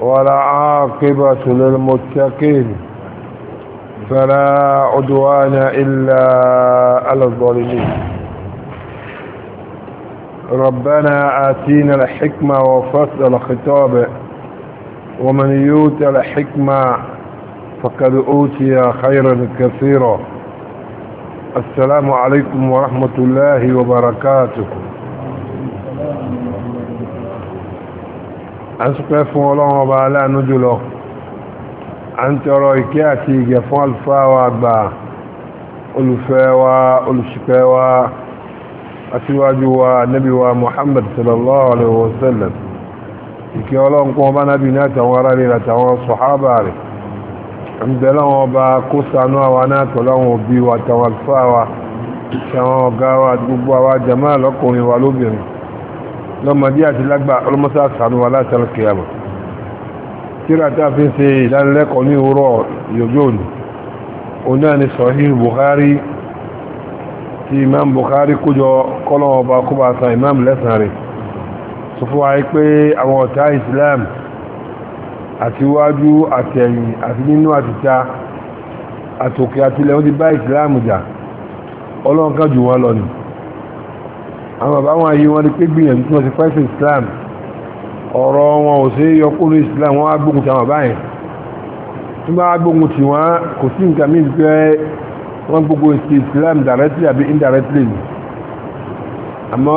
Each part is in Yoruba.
ولا عاقبة للمتقين فلا عدوان إلا على الظالمين ربنا آتينا الحكمة وفصل الخطاب ومن يوت الحكمة فقد أوتي خيرا كثيرا السلام عليكم ورحمة الله وبركاته a ń súpẹ́ fún ọlọ́run ọba aláàánú jùlọ a ń tọrọ ìkẹ́ àti ìgẹ̀ fún àlùfáà wa àgbà olùfẹ́ wa olùṣìpẹ̀ wa aṣíwájú wa nabi wa muhammad sallallahu alaihi wasallam ìkẹ́ ọlọ́run kún ọba nábi ní àtàwọn ará rẹ̀ àtàwọn sọ̀hábà rẹ̀ ń bẹ lọ́wọ́ ọba kó ṣàánú àwa náà tọ́lọ́wọ́ òbí lọ́mọdé àti lágbà ọlọ́mọsá sànú aláṣẹ́lẹ̀ kìyàmù kíra tá a fi ń ṣe ìdánilẹ́kọ̀ọ́ ní òwúrọ̀ yòjó ni òun ni sahih Bukhari tí imam Bukhari kójọ kọ́lọ̀ ọba kóbá san imam lẹ́sàn rẹ̀ sọ fún wa pé àwọn ọ̀tá Islam àti wájú àtẹ̀yìn àti nínú àtìta àtòkè àtìlẹ̀ wọ́n ti bá Islam jà ọlọ́nkà jù wọ́n àwọn bàbá wọn ayé wọn ni pé gbìyànjú tí wọ́n ti pẹ́sì islam ọ̀rọ̀ wọn ò sí yọkúrú islam wọ́n á gbógun ti àwọn báyìí tí wọ́n á gbógun ti wọ́n kò sí nǹkan mí pé wọ́n gbógun ti islam directly àbí indirectly àmọ́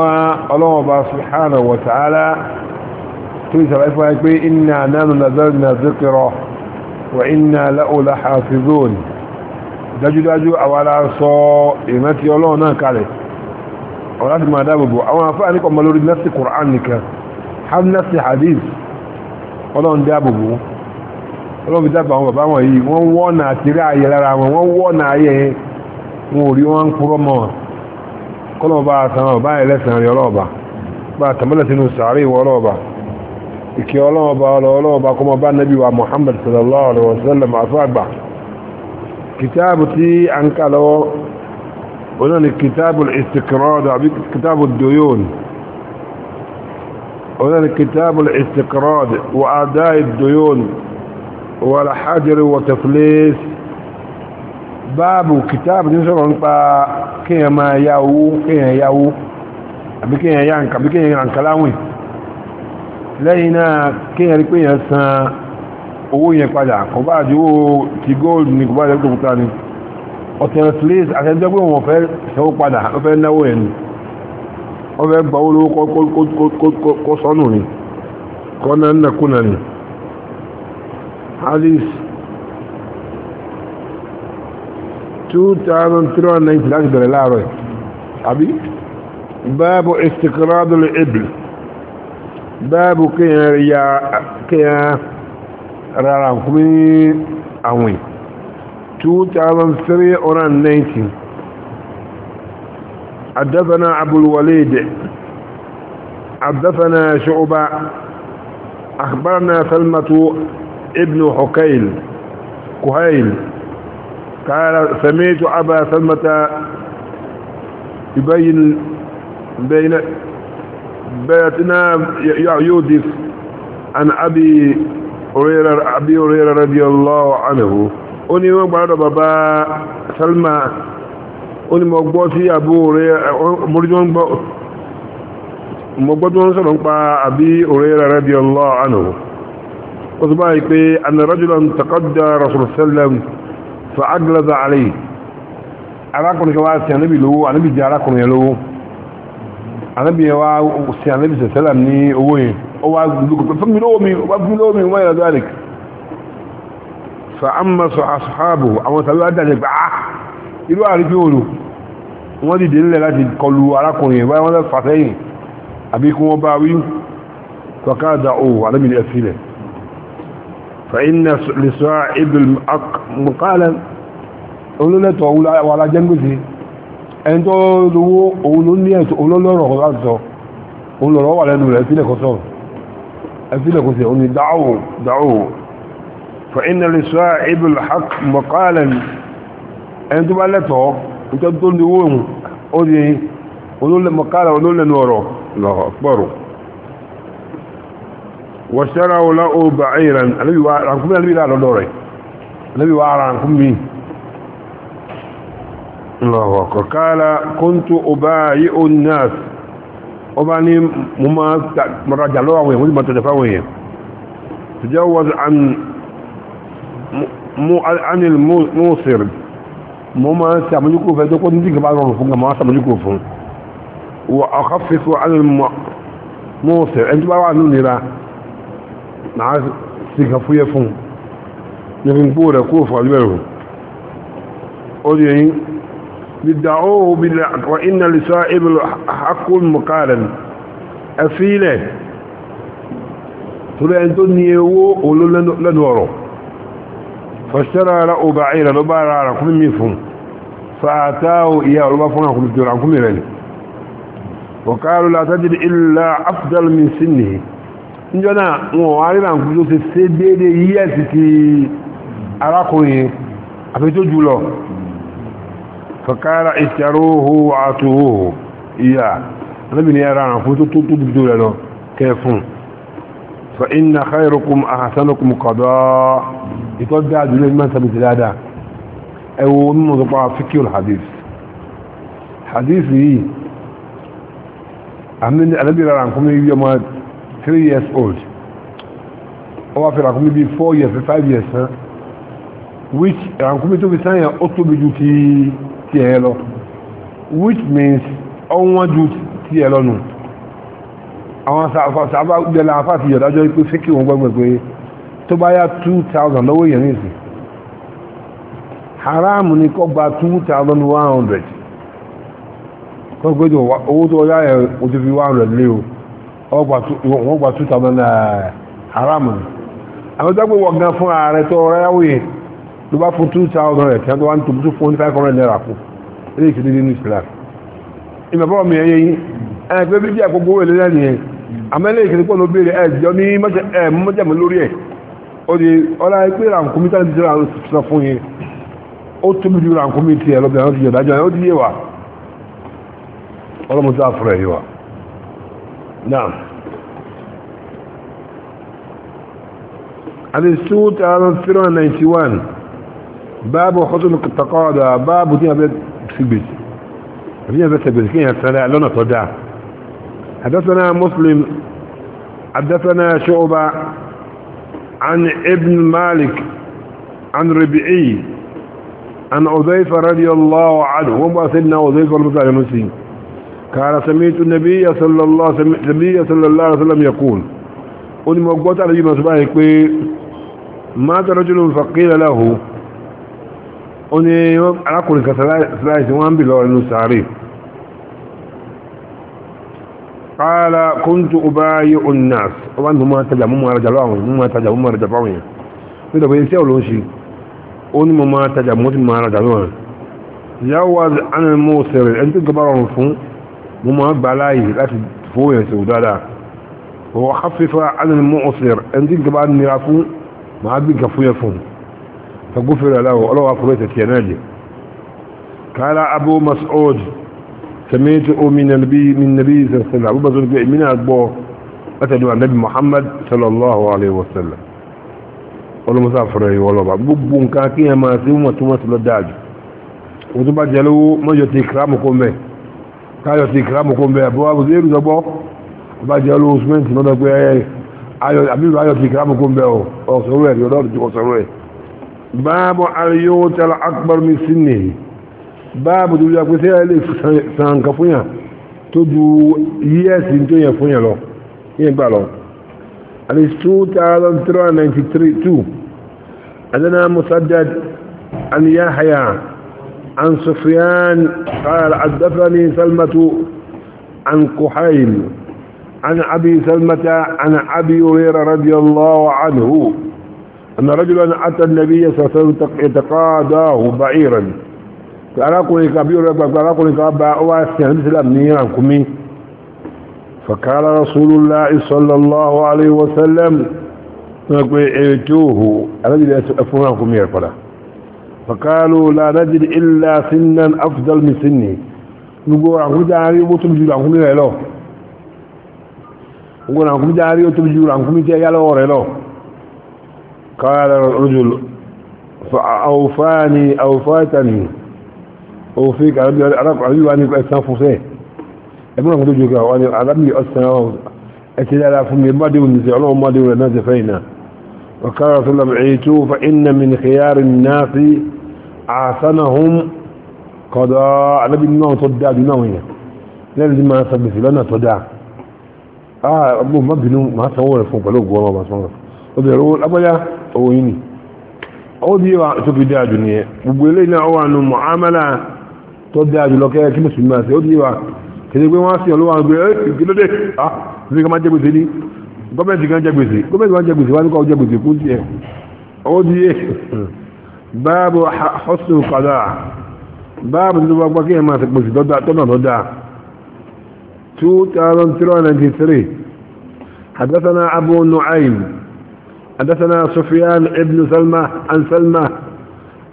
ọlọ́wọ́n bá subhanahu wa ta'ala tó ìsàlẹ̀ pé inna nánú nazarna zikra wa inna lahu lahafizun dájúdájú àwa sọ ìrántí ọlọ́run náà kalẹ̀ ọ̀láti máa dáàbòbò àwọn afẹ́ àníkọ̀ ọmọ lórí nẹ́sì Qur'an nìkan hàn nẹ́sì hadith ọlọ́run ọlọ́run àwọn bàbá wọn wọ́n wọ́nà àtìrí ayẹ lára wọn wọ wọ́nà ayẹ wọn ò rí wọn ń mọ́ kọ́lọ́wọ́ bá san ọ̀bá yẹn a هنا الكتاب الاستقراض كتاب الديون هنا الكتاب الاستقراض وأداء الديون والحجر وتفليس باب كتاب نسر نقا كيما ياو كي ياو بكيما يانك بكيما يانك لاوي لينا كيما يكون يسان owó yẹn padà kò bá àdíwó ti gold ní kò bá àdíwó ọ̀tẹ̀rẹ̀ slays àtẹ́jẹ́ pé wọ́n fẹ́ ṣẹ́wó padà wọ́n fẹ́ náwó ẹni wọ́n fẹ́ gbà owó kó sọ́nù ni kọ́ náà nàkúnà ni hadith 2390 láti bẹ̀rẹ̀ láàárọ̀ àbí báàbù istiqradul ibl báàbù kíyàn rárá kúmí àwìn حدثنا أبو الوليد حدثنا شعبة أخبرنا سلمة ابن حكيل كهيل قال سمعت أبا سلمة يبين بين بيتنا يودف عن أبي هريرة أبي هريرة رضي الله عنه ó ní wọ́n gbàdọ̀ bàbá Salma ó ní mọ̀ gbọ́ sí àbú rẹ̀ mọ̀gbọ́dún sọ̀rọ̀ ń pa àbí òrẹ́ rẹ̀ rẹ̀ bí ọlọ́ ànà ó tó báyìí pé anàrọ́jùlọ́n takọ́dá rasulsallam fa aglada alẹ́ arákùnrin kan wá sí ànábì lówó ànábì jẹ́ arákùnrin lówó ànábì yẹn fa'ammasu ashabu àwọn tàbí àdájẹ́ pé ah irú àrífí òòrùn wọ́n dìde nílẹ̀ láti kọlu arákùnrin báyí wọ́n lẹ́fà sẹ́yìn àbí kí wọ́n bá wí kọkádà òwò alábìnrin ẹ̀sílẹ̀ fa'inna lisa ibn mukalan olólẹ́tọ̀ wà lájẹ́ ń gbèsè ẹni tó lówó òun ló ní ẹ̀tọ́ olólọ́rọ̀ láti sọ فإن لصاحب الحق مقالا ẹni tó bá lẹ́tọ̀ọ́ ìtọ́ tó ní owó ohun ó di olólẹ́mọ̀kára olólẹ́nu ọ̀rọ̀ lọ́pọ̀rọ̀ wọ̀ṣẹ́ra ọlá ọba ìran alẹ́bíwá ránkúnmí alẹ́bíwá lọ́dọ̀ rẹ̀ alẹ́bíwá ránkúnmí lọ́kọ̀kọ́kọ́lá kóntó ọba yí ó náàs ọba ní mọ́ عن الموصر mo máa ń ṣe àmójúkò fẹ́ tó kó ní ìgbà rọrùn fún gàmọ́ àṣàmójúkò fún wọ àkọ́fífò alìmọ̀ọ́sẹ̀ ẹni tó bá wà ní ìnira máa sì kà fúyẹ́ fún nígbìn gbó rẹ̀ kó fún alìbẹ̀rù ó di yẹn dídá ó bí wà iná lè sọ ibùdó hakul mukaren ẹ fílẹ̀ tó lẹ́yìn tó ní ewó olólẹ́nu ọ̀rọ̀ فاشترى له بعيرا لبارا ركم ميفون فأتاه إياه لبارا ركم ميفون ركم ميفون وقالوا لا تجد إلا أفضل من سنه níjọ́nà wọn wà nílà nǹkan tó ṣe ṣe déédé yíyẹ̀ sí ti arákùnrin àfẹ́tó jùlọ fọ̀kára ìṣẹ́róhó àtòhó ìyà alábìnrin ara àǹfún tó tó tóbi jù rẹ̀ فإن خيركم أحسنكم قضاء يتودع جلال من سبيت الأداء أو من ضبع فكي الحديث حديثي أمن الذي رأيكم يوم 3 years old أو في رأيكم يبي 4 years 5 years ها which رأيكم يتوبي سنة أطلب جوتي تيهلو which means أول جوتي تيهلو àwọn sàbá gbẹ̀lá afá ti yọ̀dájọ́ ipé fíkì wọn gbẹ́gbẹ̀ pé tó bá yá 2000 lọ́wọ́ èèyàn nìsí haram ní kọ́ gba 2100 kọ́ gbé owó tó yá ẹ̀ ojú fi 100 lé o wọ́n gba 2000 eh, haram ní àwọn tó gbé wọ́n gan fún ààrẹ tó rẹ́ yáwòye ló bá fún 2000 rẹ̀ kí wọ́n tó fún 500 naira kù ilé ìṣẹ́lẹ̀ nínú ìṣẹ́lẹ̀ ìmọ̀bọ̀ mi ẹ̀yẹ yìí ẹ̀ àmẹ́lẹ́ ìkẹ̀lẹ́ pọ̀ ló béèrè ẹ̀jọ́ ní mọ́jẹ̀mọ́ lórí ẹ̀ ó di ọlá pé ràǹkúmí tá ti jẹ́ra sọ fún yẹn ó tóbi ju ràǹkúmí tiẹ̀ lọ́bẹ̀ àwọn ti yọ̀dájọ́ ó di yé wa ọlọ́mọ tó àfúrẹ̀ yé wa náà àti suit alan three hundred ninety one báàbù ọkọ̀tún takọ́ọ̀dà báàbù tí حدثنا مسلم حدثنا شعبة عن ابن مالك عن ربيعي عن عزيفة رضي الله عنه وما سيدنا عزيفة المسلم المسلم قال سميت النبي صلى الله النبي صلى الله عليه وسلم يقول قل موقوت على جمع سباحك مات رجل فقيل له قل أقول كثلاث وان بلور النساري قال كنت أبايع الناس طبعا هم تجا مو رجع لهم هم تجا هم رجع لهم كده بيسي ولا شيء اون ما تجا مو ما رجع لهم جوز عن الموسر انت كبرهم فون مو بلاي لا تفوي سودا وخفف عن المعصر انت كبار نرافون ما عاد بكفوي فون فغفر له الله أكبر تيناجي قال أبو مسعود سميته من النبي من النبي صلى الله عليه وسلم أبو بكر من أبو أتدعو النبي محمد صلى الله عليه وسلم ولا مسافر ولا بعض بون كاكي ما سيما توما سلداج وتبا جلو ما يتي كرامكم به كان يتي كرامكم به أبو أبو زير زبو ba jẹ́ ló osment lọ́dọ̀ pé àbíbà ayọ̀ ti kìrámù kó ń bẹ̀ ọ̀sọ̀rọ̀ ẹ̀ yọ̀dọ̀ ọ̀sọ̀rọ̀ ẹ̀ báàbọ̀ àríyó tẹ́lá akbar mi sí nìyí باب tó yà pé sí ẹ lè san nǹkan fún yàn tó ju yíẹ̀sì tó yàn fún yàn lọ yẹn gbà lọ àti 2393 عندنا مسدد عن يحيى عن سفيان قال حدثني سلمة عن كحيل عن أبي سلمة عن أبي هريرة رضي الله عنه أن رجلا أتى النبي صلى الله عليه وسلم يتقاضاه بعيرا arákùnrin kan bí ọ̀rẹ́ gbàgbà arákùnrin kan bá ọwá sí àwọn islam ní ìrànkúmí fàkàrà rasulullah sallallahu alaihi wasallam wọ́n pé èrè tí ó hù alájìdí ẹfún ìrànkúmí ẹ̀ padà fàkàrà lánàjìdí illa sinan afdal gbogbo ìrànkúmí ó tóbi ju ìrànkúmí rẹ̀ lọ òfin kàrábí arákùnrin wà ní ẹ̀sán fún sẹ́ ẹ̀mọ́n àwọn olójú kan wà ní arábí ọ̀sán ẹ̀sẹ̀ dára fún mi mọ́déwò ní sẹ́ ọlọ́wọ́ mọ́déwò rẹ̀ náà ti fẹ́ ìná ọ̀kára sọ́lá ẹ̀tọ́ fa iná mi ní kẹyàrin náà sí àsánahun kọ̀dọ̀ arábí náà tó dáa jù náà yẹn lẹ́yìn tí máa sàgbèsè lọ́nà tó dáa ah ọmọ ó bí wa tó fi dáa jù nìyẹn gbogbo eléyìí náà wà nù mọ̀ tó dé àjùlọ kẹ́ kí mùsùlùmí máa ṣe ó di wa kìí pé wọ́n á sí ọlọ́wọ́ àwọn ọgbẹ́ kílódé à ah, lórí kan máa jẹ gbèsè ní gọ́ọ̀mẹ̀ntì kan jẹ gbèsè kan jẹ gbèsè wá ní kọ́ jẹ gbèsè kú tiẹ̀ ó di yé báàbò ọ̀sùn padà báàbò tó bá gbọ́ kí ẹ máa ṣe gbèsè tọ́nà tó dáa 2393 حدثنا أبو نعيم حدثنا سفيان ابن سلمة عن سلمة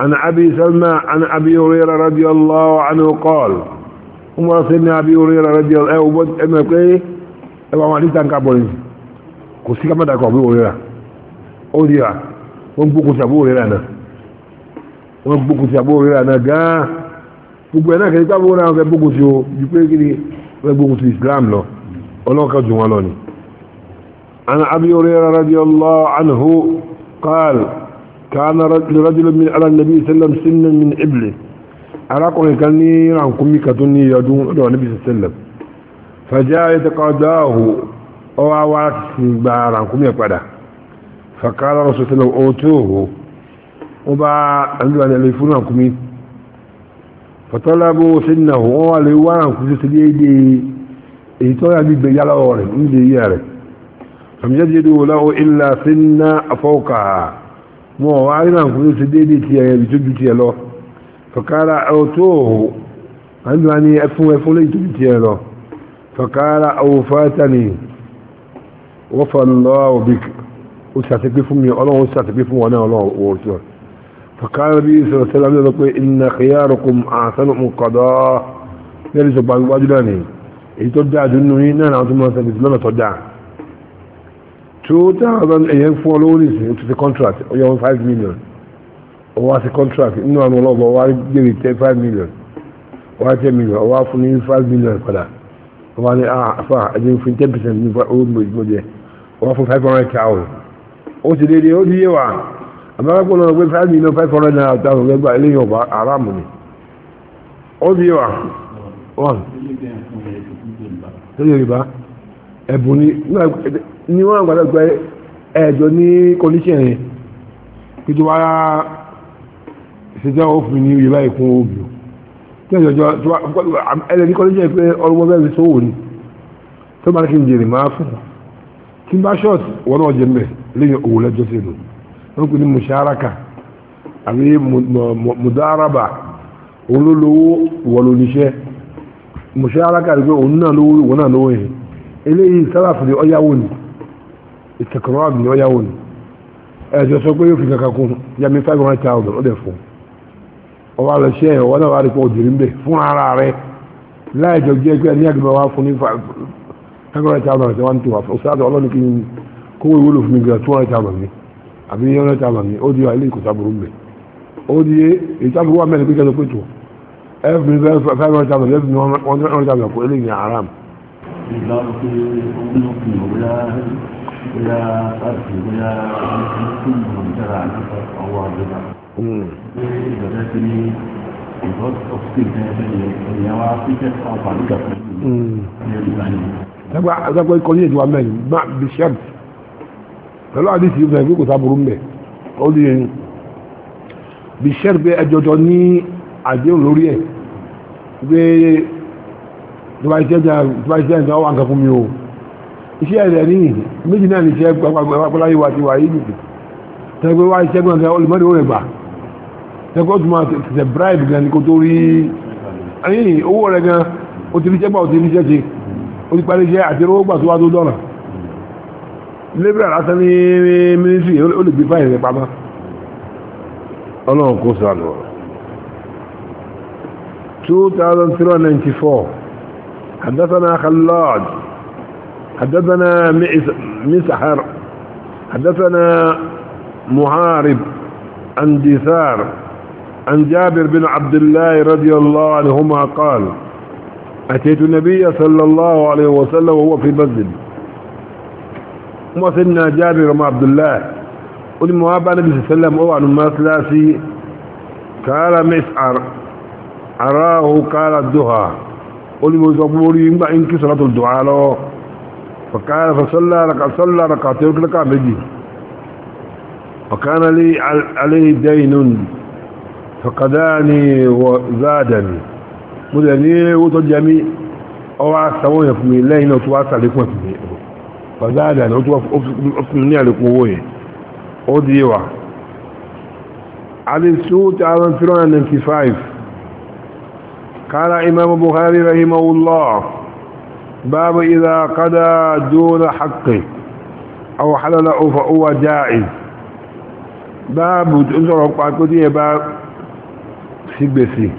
عن أبي سلمى عن أبي هريرة رضي الله عنه قال عمر سيدنا أبي هريرة رضي الله عنه أما كي أما ما لي تنكا بولي كسي كما داكو أبي هريرة أوديا ونبوكو سابو هريرة أنا ونبوكو سابو هريرة أنا جا gbogbo ẹ̀nà kẹ́kẹ́ gbogbo náà fẹ́ gbogbo sí o ju pé kí ni fẹ́ gbogbo عن أبي هريرة رضي الله عنه قال كان لرجل من على النبي صلى الله عليه وسلم سنا من إبله أراكم كان رانكم كتني يدون على النبي صلى الله عليه وسلم فجاء يتقاضاه أو عوات بارانكم يقعد فقال رسول الله أوتوه وبا عنده أن يلفون رانكم فطلبوا سنه هو اللي وانكم سيدي إيتويا بيبيالا ورد إيدي يارد فمجددوا له إلا سنة فوقها wọn wá rí náà kúrò sí dédé tí ẹ ibi tó ju ti ẹ lọ fọkàrà ọtọ òhù àńdùn àní ẹfún ẹfún lẹ́yìn tó ju ti ẹ lọ fọkàrà ọfàtàní wọfàlọ òbí ó sàtẹpẹ fún mi Ọlọ́run ó sàtẹpẹ fún wọn náà Ọlọ́run òwòrán فقال النبي صلى الله عليه وسلم يقول إن خياركم أحسنكم قضاء يلي سبحانه وتعالى إيه تدع جنوين أنا أعطي ما سبب لنا تدع two thousand fún ọ lówó nìsín contract ó oh, five million ó oh, wá contract nínú àwọn ọlọ́ọ̀bọ ó wá gbèrè ten five million ó wá ten million ó wá ní million padà ó wá àfà ẹni fún ten percent ní owó ìgbìmọ̀ five hundred thousand ó ti dédé ó ti yé wa àbárápọ̀ náà five million five hundred naira thousand gbẹgbà eléyìí ọba aráàmù ni ó ti yé wa one. ṣé ni. ni wọ́n gbàdọ̀ pé ẹ̀jọ́ ní condition yẹn kí tó wáyá ṣètò òfin ní ìyẹ̀bá ìkún òbí tí ẹ̀jọ́ jọ ẹ̀lẹ́ ní condition pé ọlọ́wọ́ sówò tó bá kí n jèrè máa fún kí n bá short wọn náà jẹ lẹ́yìn òwò lẹ́jọ́ sí ìlú wọn kò ní àbí mudaraba òun ló lówó wọ́n ló níṣẹ́ rẹ̀ pé òun náà lówó ìtẹ̀kọ̀rọ̀ àmì ọ̀yáwó ni ẹ̀jọ̀ sọ pé yóò fi kankan kún yá mi five hundred thousand ọ̀dẹ̀ fún ọwọ́ àlọ́ ṣe ẹ̀ ọwọ́ náà wà á rí pọ̀ òdìrí ńbẹ̀ fún ara rẹ̀ láìjọ jẹ́ pé ní àgbẹ̀ wa fún ní five hundred thousand àti one two àfọ̀ sáàtọ̀ ọlọ́ni kí n kówó ìwúlò fún mi gbà two hundred thousand mi àbí one hundred thousand mi ó di ilé ìkọ̀tà burú ńbẹ̀ ó di ìtàkùn wà mẹ́rin pé kẹ́sọ̀ pé tó ẹ fi ó ń lọ sí ọ̀rẹ́ bóyá sáàtì bóyá fún ìmọ̀lára ọwọ́ àjọba. pé ìgbàdá ti ní ìgbọ́dọ̀ ọ̀sìn ìdẹ́gbẹ̀yẹ ẹ̀yà wa fíjẹ́ ọ̀pá nígbà pẹ̀lú ní ẹ̀dùn báyìí. ẹgbẹ́ àgbẹ̀kọ́ ikọ̀ ní ètò amẹ́rin má bí sẹ́m pẹ̀lú àdìsí ìgbà ìgbé kò sábúrú mẹ́ ó di yẹn bí sẹ́m pé ẹjọ́jọ́ ní àdéhùn lórí ẹ̀ pé tó bá iṣẹ́ ìjọba wà nǹkan fún mi o iṣẹ́ rẹ̀ ní méjì náà ní iṣẹ́ gbàgbàgbàgbàláyé wa ti wà yìí nìkì tẹ́gbẹ́ wá iṣẹ́ gbọ́n gan olùmọ́ni ó rẹ̀ gbà tẹ́gbẹ́ ó tún máa tẹ̀ bribe gan ní kó tó rí ẹ̀yìn owó rẹ̀ gan ó ti ríṣẹ́ gbà ó ti ríṣẹ́ ṣe ó ti parí iṣẹ́ àti owó gbà tó wá tó dọ̀nà lébìrà lásán ní mínísírì ó lè gbé fáìlì rẹ̀ pamọ́ ọlọ́run kó sànù two thousand three hundred ninety four حدثنا خلاد حدثنا مسحر حدثنا معارب عن دثار عن جابر بن عبد الله رضي الله عنهما قال أتيت النبي صلى الله عليه وسلم وهو في المسجد وصلنا جابر بن عبد الله ولما النبي صلى الله عليه وسلم هو عن قال مسعر أراه قال الدهى ولما يقول إنك صلاة الدعاء له فقال فصلى ركع صلى ركعتين ركع بجي وكان لي عليه دين فقداني وزادني مدني وتجمي او عسوا يفمي لين وتواصل لكم في فزادني وتوفمني عليكم وهي اوديوا على السوت على فرعون 95 قال امام البخاري رحمه الله باب إذا قضى دون حقه أو حلله فهو جائز باب انظر أقعد كتير باب سيبسي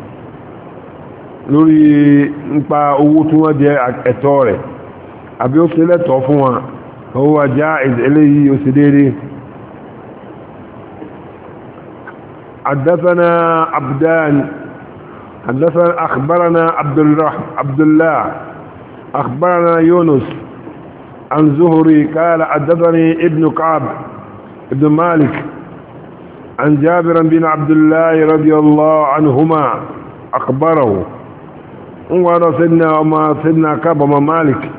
lórí nípa owó tí wọ́n jẹ ẹ̀tọ́ rẹ̀ àbí ó ṣe lẹ́tọ̀ fún wọn owó ajá eléyìí ó ṣe déédé àdásánà abdán àdásánà àkbáránà abdullahi أخبرنا يونس عن زهري قال عددني ابن كعب ابن مالك عن جابر بن عبد الله رضي الله عنهما أخبره وانا سيدنا وما سيدنا كعب وما مالك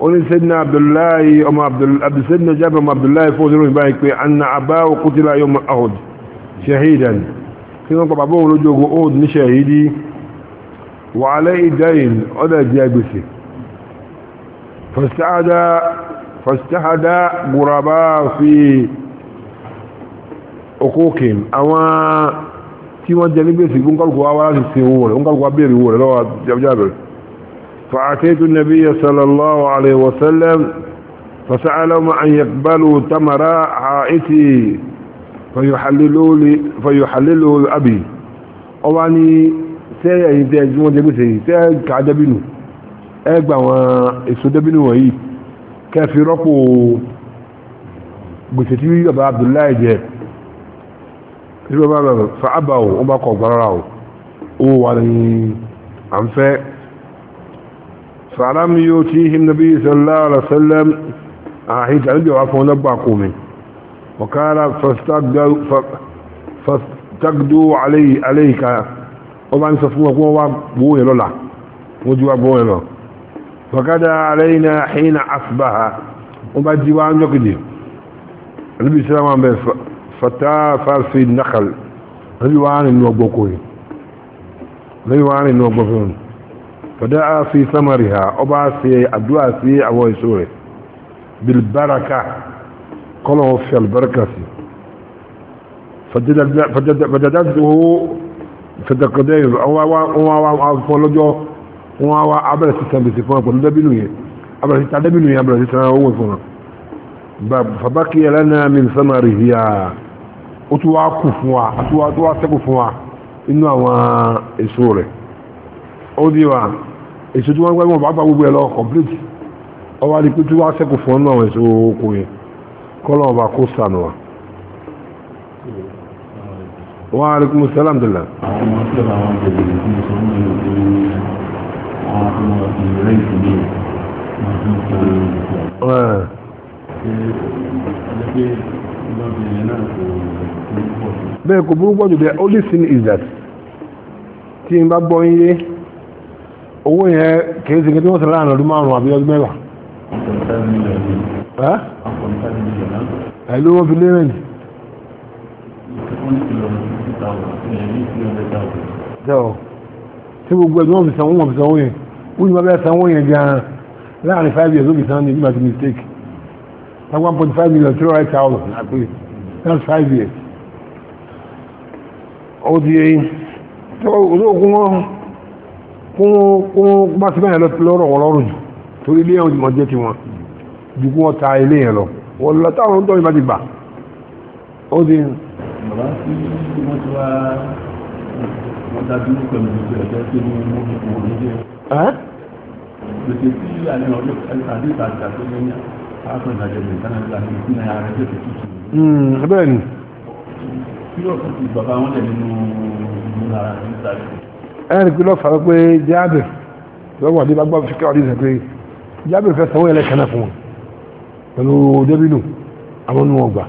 وانا سيدنا عبد الله وما عبد سيدنا جابر وما عبد الله فوز روح بايك أن أباه قتل يوم أهد شهيدا كنا طبعا أبوه رجوه أود نشهيدي وعليه دين أدى جابسي فاستعد فاستعد غرباء في حقوقهم اما tí wọ́n jẹ nígbèsì gbóǹkọ́lùkù wá wá láti fi owó rẹ̀ gbóǹkọ́lùkù wá bèèrè owó rẹ̀ lọ́wọ́ jabjabir فأعطيت النبي صلى الله عليه وسلم فسألهم أن يقبلوا تمر عائتي فيحللوا لي فيحللوا أبي أواني سيئة يتجمون جبسي سيئة كعدبينه ẹ gba àwọn èso dẹ́bínú wọ̀nyí kẹfì rọ́pò gbèsè tí bàbá abdullahi jẹ tí bàbá bàbá fàábà ò ó bá kọ̀ gbára ò owó wà ní à ń fẹ́ fàálámi yóò tí him nabi sallallahu alaihi wasallam àhí tàbí wà fún ọlọ́gbà kò mi wàkàrà fastagdo alayka ó ń sọ fún ọkùnrin wá gbówó lọ́la wọ́n ju wá gbówó lọ́la فقد علينا حين أصبح وما جوان يقدر النبي صلى الله عليه وسلم فتافى في النخل ريوان النوبوكوي ريوان النوبوكوي فدعا في ثمرها أباسي أدواسي أبوي سوري بالبركة قالوا في البركة فجددته فدقديه أو wọ́n wá abẹ́rẹ̀ sí san gbèsè fún wọn pẹ̀lú dẹ́bìnú yẹn abẹ́rẹ̀ sí ta dẹ́bìnú yẹn abẹ́rẹ̀ sí san owó fún wọn fàbákì ẹlẹ́nà mi sánmà rì hí à ó tún wá kù fún wa ó tún wá sẹ́kù fún wa inú àwọn èso rẹ̀ ó di wa èso tí wọ́n gbẹ́ wọn bá bá gbogbo ẹ lọ complete ó wá di pé tí wá sẹ́kù fún inú àwọn èso oko yẹn kọ́lọ́ ọba kó sànù wa. wa alaikum salaam dala bẹ́ẹ̀ kò burú pọ̀jù bẹ́ẹ̀ only thing is that tí n bá gbọ́ yé owó yẹn kìí ṣe kí wọ́n sẹ́lá àrùn ọdún márùn-ún àbí ọdún mẹ́wàá ẹ̀lú wọ́n fi lé rẹ̀ ní tí gbogbo ẹgbẹ́ wọn fi sanwó wọn fi sanwó yẹn ó ní wọn bẹ́ẹ̀ sanwó yẹn gan-an láàrin five years ó fi sanwó yẹn nígbà tí mistake like one point five million three hundred thousand àpè that's five years. ó di eyín tó olóògùn wọn kún kún bá sí bẹ́ẹ̀ lọ́rọ̀ wọn lọ́rùn jù torí ilé ẹ̀wọ̀n jùmọ̀ jẹ́ ti wọn jù kún wọn ta ilé yẹn lọ wọ́n lọ táwọn ń tọ́ ìbá ti gbà ó di wọ́n dájú pẹ̀lú ìgbẹ́ ẹ̀jẹ̀ tí ní mú ipò oníjẹ́. gbèsè tí àlẹ́ ọjọ́ àdé ìtajà tó ní àápọ̀ ìdájọ́ ìgbẹ́ ìtajà ìgbà ní ìpínlẹ̀ ara ẹ̀jẹ̀ tó tútù. bẹ́ẹ̀ ni. kí ló ti bàbá wọn lẹ̀ nínú ìlú ara ní ìtajà. ẹ̀rì kí ló fà pé jábẹ̀ lọ́wọ́ àdé bá gbọ́ fi káwọ́ dísẹ̀ pé jábẹ̀ fẹ́ sanwó ẹlẹ́kẹ̀ẹ́ fún wọn pẹ̀lú débínú àwọn oníwọ̀n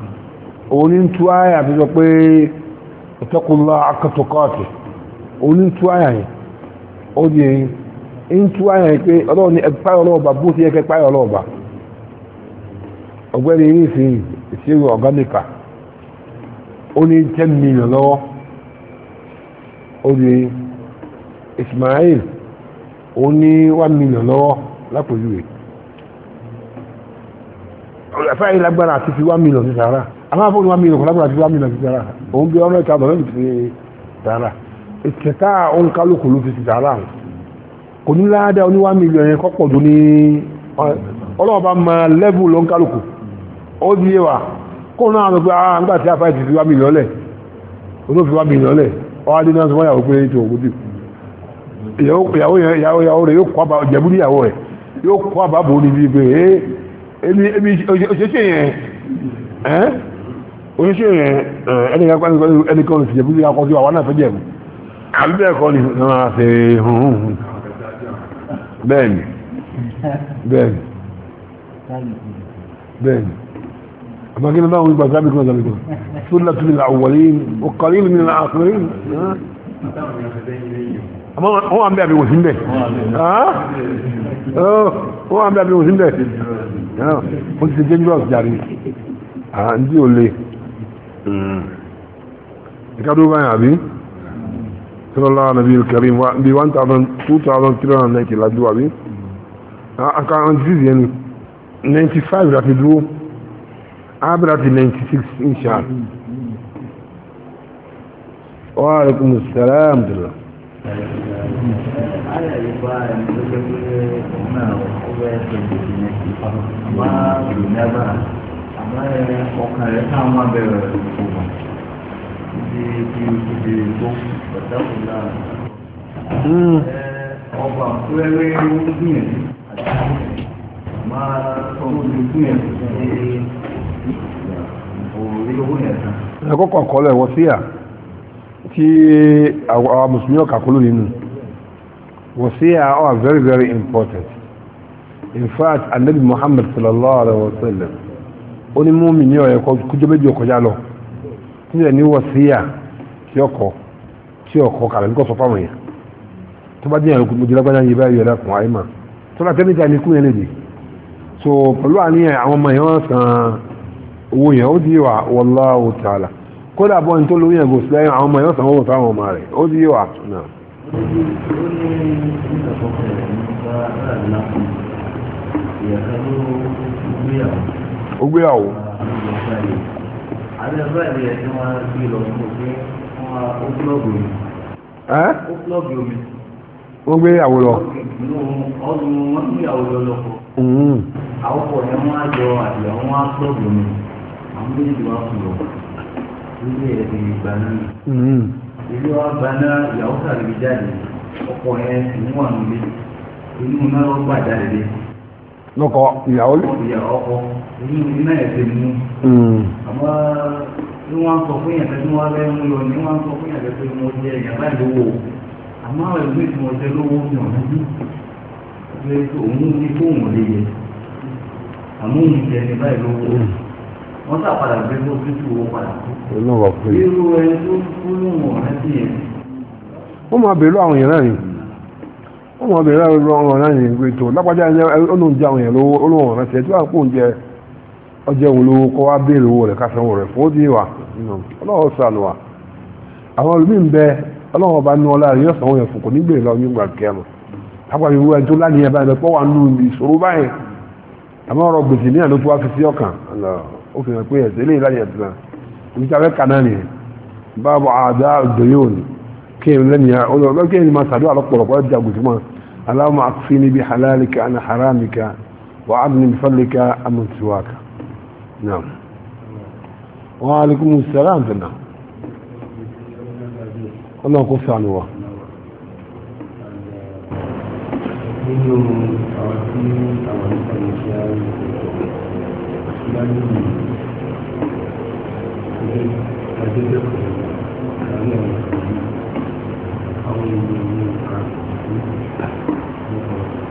onítú àyà tó sọ pé ìtọ́kùnlá akọ̀tọ̀kọ́ọ̀tì onítú àyà yìí ó di ń tú yìí pé ọlọ́run ní ọlọ́ọ̀bà bó ti yẹ ọlọ́ọ̀bà ọgbẹ́ni ìṣirò ó ní ten million lọ́wọ́ ó di Ismail ó ní one million lọ́wọ́ lápòjúwe yìí lágbára àti fi one million ní sàárà. aláàbò ni wọ́n ma ah a fáyì ti fi one ah, fi one million lẹ̀ ọ́ adé náà sọ wọ́n yàwó pé ètò òkú dì ìyàwó ìyàwó rẹ̀ yóò kọ́ àbá jẹ̀bú oníṣẹ́ ẹnìkan ẹnìkan ti jẹ̀bú sí akọ́jú àwọn náà fẹ́ jẹ̀bú àbí bẹ́ẹ̀ kọ́ ni wọ́n á ṣe hùn hùn bẹ́ẹ̀ni bẹ́ẹ̀ni bẹ́ẹ̀ni أما ما هو يبقى ذلك وذلك سنة من الأولين وقليل من الآخرين أما هو عم بيعمل وزن به ها هو عم بيعمل وزن به قلت الجنجواز جاري عندي ولا ايه ìkádó báyìí àbí sọ́lọ́lá nàbí karim bí 1,390 lájú àbí aka àti yẹn 95 láti dúró ábìrà ti 96 inṣà wa alaikum salam dìlọ Ayàyípa ẹni tó jẹ́ pé ọmọ ọgbẹ́ ẹ̀sẹ̀ ìdíjì ní ìfàmà, máa rò nẹ́bàá ọkàn rẹ̀ ká máa bẹ̀rẹ̀ òkùnkùn ibi ibi ibi tó pẹ̀tẹ́kù náà ọba pẹ́rẹ́ ó gbìyànjú máa sọ fún mi gbìyànjú pé òòrí owó yẹn tán. ẹ̀kọ́ kọ̀ọ̀kọ́ lẹ̀ wọ́n síyà tí àwọn mùsùlùmí ọ̀kà kúrò nínú wọ́n are very very important in fact anabi muhammad sallallahu alaihi wa sallam onímúmi ní ọ̀rẹ́ kújọ́ méjì ọkọjá lọ nílẹ̀ ní wọ́síyà tí ọkọ̀ tí ọkọ̀ kàlẹ̀ ní kọ́sọ̀ fáwọn èèyàn tó bá dín àrùkù mojú lágbájá yìí báyìí ọ̀dà kùn àìmà tó bá tẹ́lẹ̀ tí a ní kún yẹn lè dè so pẹ̀lú àníyàn àwọn ọmọ yẹn wọ́n san owó yẹn ó di wà wallahu ta'ala kódà bọ́ ní tó lóyún yẹn gòsì lẹ́yìn àwọn ọmọ yẹn san owó táwọn ọmọ rẹ̀ ó di wà náà. ìyàtọ̀ ló ń ó gbéyàwó. àbí ọ̀rọ̀ ẹ̀ lè ṣe wọn bí lọ sí òkè wọn ó kílọ̀bù mi. ẹ́ ó kílọ̀bù mi. ó gbéyàwó lọ. ọdún wọn gbéyàwó lọ lọ́kọ̀. Mm-hmm. àwọn ọkọ̀ yẹn wọ́n á jọ àdìyàwó wọn á kílọ̀bù mi àwọn méjèèjì wọn kù lọ ilé ẹ̀ ti gbà mm-hmm. ilé wa gbà náà ìyàwó jáde ọkọ̀ yẹn ìmú àná mi inú náà ó gbà jáde dé lọ́kọ ìyàwó ìyàwó ọkọ èyí ni ẹ̀sẹ̀ mú hmm. àmọ́ ní wọ́n sọ fún ìyàtọ̀ tí wọ́n lẹ́ mú lọ ní wọ́n sọ fún ìyàtọ̀ tí mo jẹ ìyàtọ̀ ìlówó àmọ́ àwọn ìlú tí mo jẹ lówó ní bí pé òun ní fóònù lè yẹ àmọ́ òun jẹ ní báyìí lówó hmm. wọ́n sà gbé tó tó tó owó padà kú. irú ẹni tó kú lóhùn ọ̀rẹ́ sí yẹn. ó máa bèèrè àwọn èèyàn náà ọmọ obìnrin náà lọ ọ̀rọ̀ náà yẹn gbé tó lápájá na àwọn èèyàn lówó olóòrùn rẹ̀ tiẹ̀ tí wàá pòun jẹ ọjẹ́ òun lówó kọ́ wá béèrè owó rẹ̀ kásanwó rẹ̀ fún ó dé wà sànù wà àwọn olùmíín bẹ nu ọlá fún kò ní gbèrè lọ lápájá ìwé wà nù ìṣòro báyìí gbèsè ní a اللهم اقفني بحلالك عن حرامك وعدني بفضلك من سواك نعم وعليكم السلام فينا الله قف عن الله Thank you.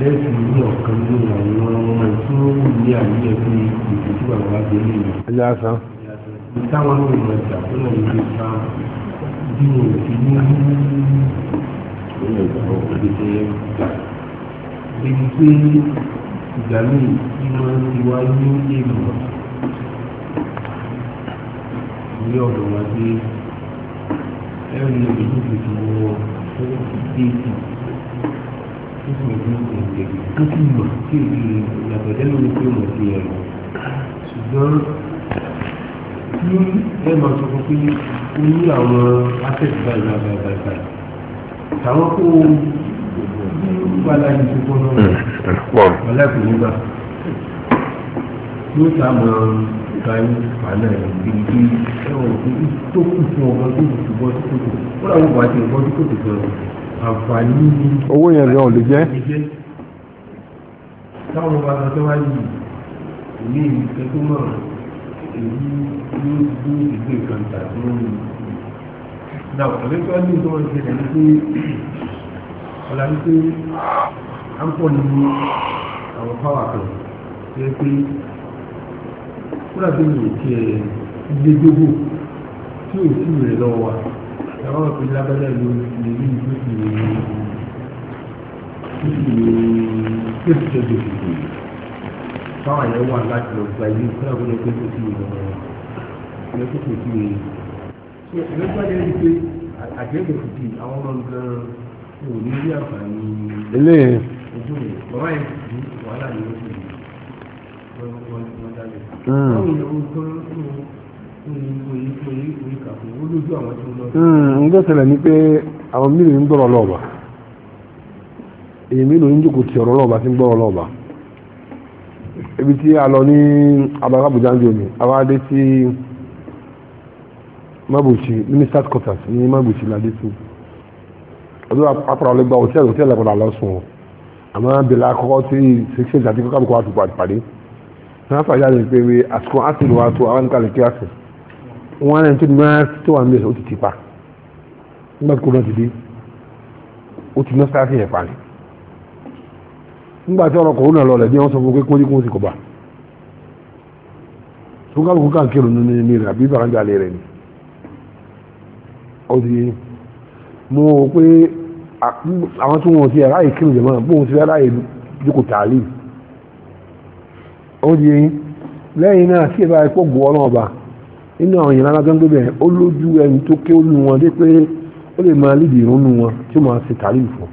lẹ́sìn ní ọ̀kan ní àwọn ọmọ tí ó wù ní àyè ẹgbẹ́ ìpè tí bàbá gbé lè yàn. ẹja san. táwọn ọmọ ìmọ̀ ìjà tó lọ ní ìgbà bí mo ti ní òdìdẹ ìgbà. èyí pé ìgbà míì tí wọ́n ti wá ní èèmọ̀ ní ọ̀dọ̀ wa dé ẹ̀rí ìlú tuntun wọn fún ìdí ìtàn kátó mọ̀ kí èyí ìyàtọ̀jẹ́ lórí pé mo fi ẹ̀rọ ṣùgbọ́n ní ẹ máa sọ fún pé o ní àwọn asset báyìí báyìí báyìí báyìí àwọn kó o wà láyé tó kọ́ náà wà láìpẹ́ nígbà yóò sá mọ́ ìgbà yóò fà náà gbèǹgbè ẹ̀wọ̀n tó kù fún ọmọ tó kù tó bọ́ sí kòtò ó làwọn bàtì ọmọ tó kòtò gan-an àǹfààní ni owó yẹn rẹ̀ ò lè jẹ́ táwọn ọba tó wá yìí kò ní ìlú tẹ́tọ́ náà èyí ló dún ìgbé kan tàbí wọn ni dàwọn ọ̀lẹ́tọ́ ní ìtọ́ ìṣẹ̀lẹ̀ ní pé ọ̀là ní pé à ń pọ̀ nínú àwọn fáwà kan jẹ́ pé tí ò sí rẹ̀ lọ́wọ́ wa ẹ̀wọ́n fi lábẹ́lẹ̀ ló lè ní ìlú ìlú ìlú táwọn yẹn wà láti lọ gba ilé kọ́lá kó lè pé kò sí ìlú ọ̀rọ̀ lè pé kò sí ìlú. ṣé ẹ̀rọ tó wáyé ni pé àjẹ́gbẹ̀ kò sí àwọn ọmọ nǹkan kò ní rí àǹfààní. ilé ojú rẹ̀ bàbá yẹn kò sí wàhálà ní ojú rẹ̀ wọ́n wọ́n dájú. Hmm. báwo ni o tó ń ń hmm, gbẹ́sẹ̀lẹ̀ ni pé àwọn mílíọ̀nù ń gbọ́rọ̀ lọ́ọ̀bà èyí mílíọ̀nù ń jókòó ti ọ̀rọ̀ lọ́ọ̀bà sí ń gbọ́rọ̀ lọ́ọ̀bà ibi tí a lọ ní abaka abuja ń jòyè àwa adé sí mabuchi ministers quarters ní mabuchi ládé sí ọdún apàrọ̀lẹ́ gba hòtẹ́ẹ̀lì hòtẹ́ẹ̀lì àpàdà lọ́sùn ọ̀ àmọ́ abẹ́lẹ̀ akọ́kọ́ tí sèkṣẹ́ ìdàtí kọ́kọ́ àbùkù àtùpàdé náà fàájà ní pé àsìkò àti ìlú wa tó àwọn nìkan lè kí àsìkò wọn náà tó máa tó wà nílẹ̀ ó ti ti pa nígbà tó kó náà ti dé ó ti mọ́ sáfì ẹ̀ pa ni nígbà tí ọ̀rọ̀ kòrónà lọ rẹ̀ bí wọ́n sọ fún pé kó dínkù sí bá tó ká lóko káàkiri nínú ilé rẹ̀ àbí ìbára ń jalè ni ó ti mú o pé àwọn tó wọn ti ẹ̀ ráyè kírun jẹ̀mọ́ bóun ti ráyè jókòó tààlì ó di lẹ́yìn náà tí ẹ bá ẹ pọ̀ gbọ́ ọlọ́ọ̀ba nínú àwọn èèyàn alágbọ́n gbé bẹ̀rẹ̀ ó lójú ẹni tó ké ó nu wọn dé pé ó lè máa lídì ìrúnú wọn tí ó máa ṣe tàrí ìfọ̀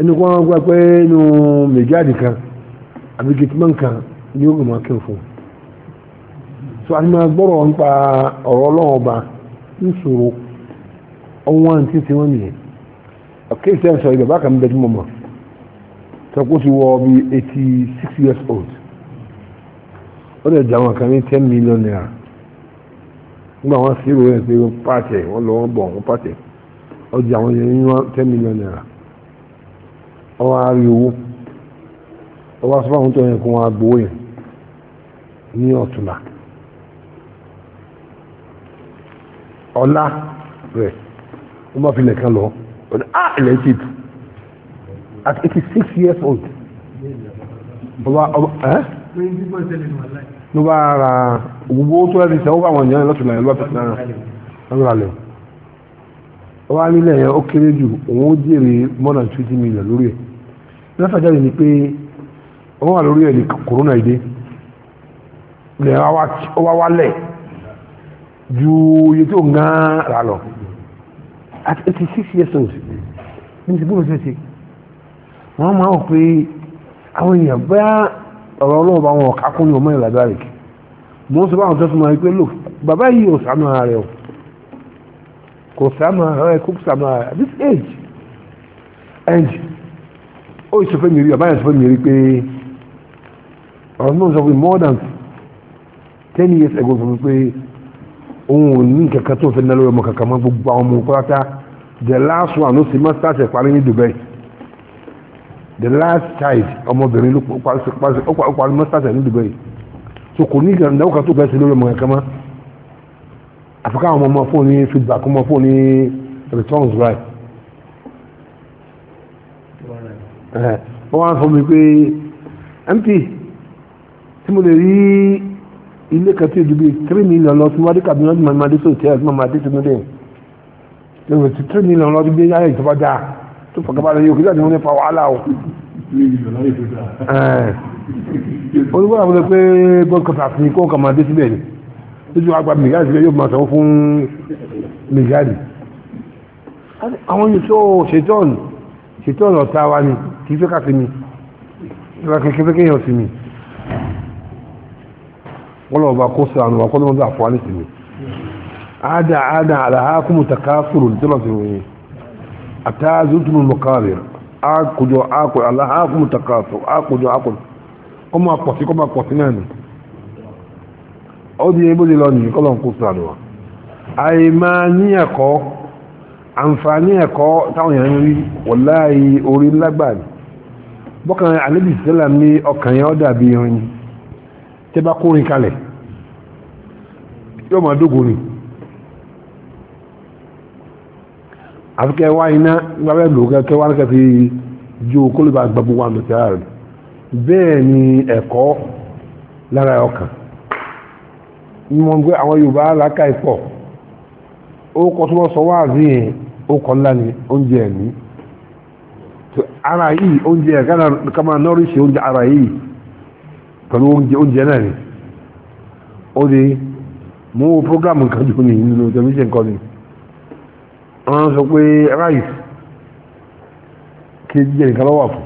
ẹni kó wọn gbà pé inú mẹjáàdì kan àbí gẹtìmọ̀ kan ni ó gbọmọ kí n fún so àti máa gbọ́rọ̀ nípa ọ̀rọ̀ ọlọ́run ọba ń sòro ọwọ́n àti tí tí wọ́n nìyẹn ọ̀kẹ́ ìṣẹ́ sọ ibẹ̀ bákan bẹ́ẹ̀ tí mo mọ̀ sọ pé ó ti wọ bí eighty six years old ó lè jà wọn kan ní ten million naira nígbà wọn sí ìròyìn pé wọn pàtẹ wọn lọ wọn bọ wọn pàtẹ ọjà àwọn yẹn ní ten million naira ọwọ́ àárí owó ọwọ́ asọ́fà àwọn tó yẹn kó wọn agbowó yẹn ní ọ̀túnla ọ̀la rẹ̀ wọ́n bá filẹ̀ kan lọ ọ̀dà á ah, ilẹ̀ cheap at eighty six years old ọba ọba ẹ́ ló bá ra gbogbo tó lẹ́sìn sẹ́wọ́ fáwọn èèyàn lọ́tùlá ẹ̀ lọ́tùlá náà lọ́tùlá lẹ̀ ó wá nílẹ̀ yẹn ó kéré jù òun ó jèrè more than twenty million lórí ẹ̀ lọ́sàjáde ni pé wọ́n wà lórí ẹ̀ ní kòrónà ìdé lẹ̀ ó wá wálẹ̀ ju iye tó ń gán ra lọ at eighty six years old ní ti bóun ṣe ṣe wọ́n máa ń pè àwọn èèyàn bá ọ̀rọ̀ ọlọ́run bá wọn ọ̀ká kún ní ọmọ ìlà dárík mo ń sọ báwọn tó súnmọ́ pé lò bàbá yìí ò sàmà rẹ̀ o kò sàmà rẹ̀ kò sàmà rẹ̀ at this age and ó sọ fún mi rí bàbá yẹn sọ fún mi rí pé ọ̀rọ̀ náà sọ fún mi more than ten years ago fún mi pé òun ò ní kankan tó fẹ́ náà lórí ọmọ kankan mọ́ gbogbo àwọn ọmọ pátá the last one ó sì máa start ẹ̀ parí ní Dubai the last child ọmọbìnrin ló parí mọ́sítàsì ní Dubai so kò ní ìgbà náà tó bẹ́ẹ̀ sí lórí ọmọ ẹ̀ka mọ́ àfikà àwọn ọmọ fún ní feedback ọmọ fún ní returns right wọ́n wá fún mi pé mt tí mo lè rí ilé kan tí ìdúgbò three million lọ sí wádìí kàbínú ọdún mọ́mọ́dé sọ̀tẹ́ ẹ̀ mọ́mọ́dé sọ̀tẹ́ ẹ̀ three million lọ́dún gbé yára ìjọba dáa tó fọkàbàlẹ̀ yóò kíjọ́ ni wọ́n ní fa wàhálà o olùkọ́ àwọn pé bọ́ọ̀kọ̀tà àti kó kà máa dé síbẹ̀ ni lójú àgbà mìgáàdì síbẹ̀ yóò máa sanwó fún mìgáàdì àwọn yìí tó ṣètọ́ọ̀nù ṣètọ́ọ̀nù ọ̀tá wa ni kì í fẹ́ kà sí mi ìwà kékeré kéèyàn sí mi wọ́n lọ́wọ́ bá kó sàánù wà kọ́ lọ́wọ́ bá fọ́ á ní sí àlàhà kúmù takásùrù tó ata zurtumul maqabir akujo akul allah akum takasu akujo akul kọmọ pọ̀sí kọmọ pọ̀sí na ni ó di ebó lè ní ẹ̀kọ́ àǹfààní ẹ̀kọ́ táwọn rí wọ̀láì orí lágbà ní ní ọkàn àfikẹ́ wá iná gbábẹ́ lò kẹ́kẹ́ wá kẹ́ fi ju kólébà gbogbo wa lò tẹ́lá rẹ̀ bẹ́ẹ̀ ni ẹ̀kọ́ lára ọkàn ní wọ́n gbé àwọn Yorùbá aláka ìpọ̀ ó kọ́ tó wọ́n ó kọ́ ńlá ni oúnjẹ ẹ̀mí ara yìí oúnjẹ kama nọ́rìṣì oúnjẹ ara yìí pẹ̀lú oúnjẹ náà ni ó di mú program kan jù ní nínú tẹ̀míṣẹ̀ kan ni wọ́n sọ pé rice kí jẹ́ nǹkan lọ́wọ́ fún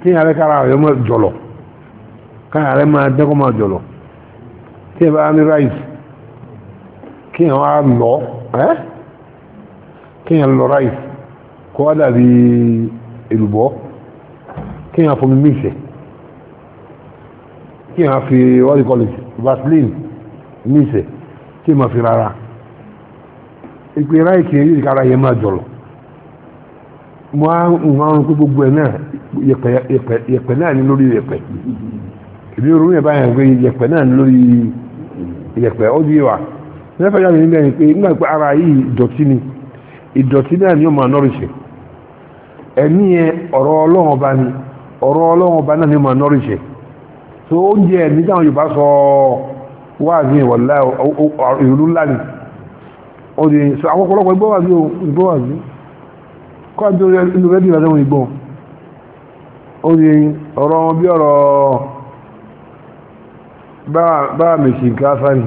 kí ààrẹ kára rẹ̀ mọ́ jọ̀lọ̀ kára rẹ̀ máa dẹ́kọ́ máa jọ̀lọ̀ kí ẹ bá ní rice kí ẹ wá lọ ẹ́ kí ẹ lọ rice kó wá dàbí èlùbọ́ kí ẹ fomi mix ẹ̀ kí ẹ fi what do you call it vaseline mix ẹ̀ kí ẹ máa fi rárá ìpè ráì kìí rí ìkára yẹn máa jọ̀lọ̀ mo á ń wá ń pé gbogbo ẹ̀ náà yẹ̀pẹ̀ náà ní lórí yẹ̀pẹ̀ èmi ò rúmẹ̀ báyìí pé yẹ̀pẹ̀ náà ní lórí yẹ̀pẹ̀ ó di wa mẹ́fà yà mí bẹ́ẹ̀ pé nígbà pé ara yìí ìdọ̀tí ni ìdọ̀tí náà ni ó máa nọ́rìṣẹ̀ ẹ̀mí yẹn ọ̀rọ̀ ọlọ́run ọba ni ọ̀rọ̀ ọlọ́run ọba náà ni ó máa nọ́rìṣẹ̀ tó oúnjẹ ẹ̀mí táwọn Yorùbá sọ wáàzí ìwọ̀lá ìrúlá ni òdì sọ àwọn ọ̀pọ̀lọpọ̀ ìgbọ́wàsí ìgbọ́wàsí kọ́ àti orí inú rẹ́dìí láti wọ́n ìgbọ́n òdì ọ̀rọ̀ wọn bí ọ̀rọ̀ bá mèsì nǹkan sáré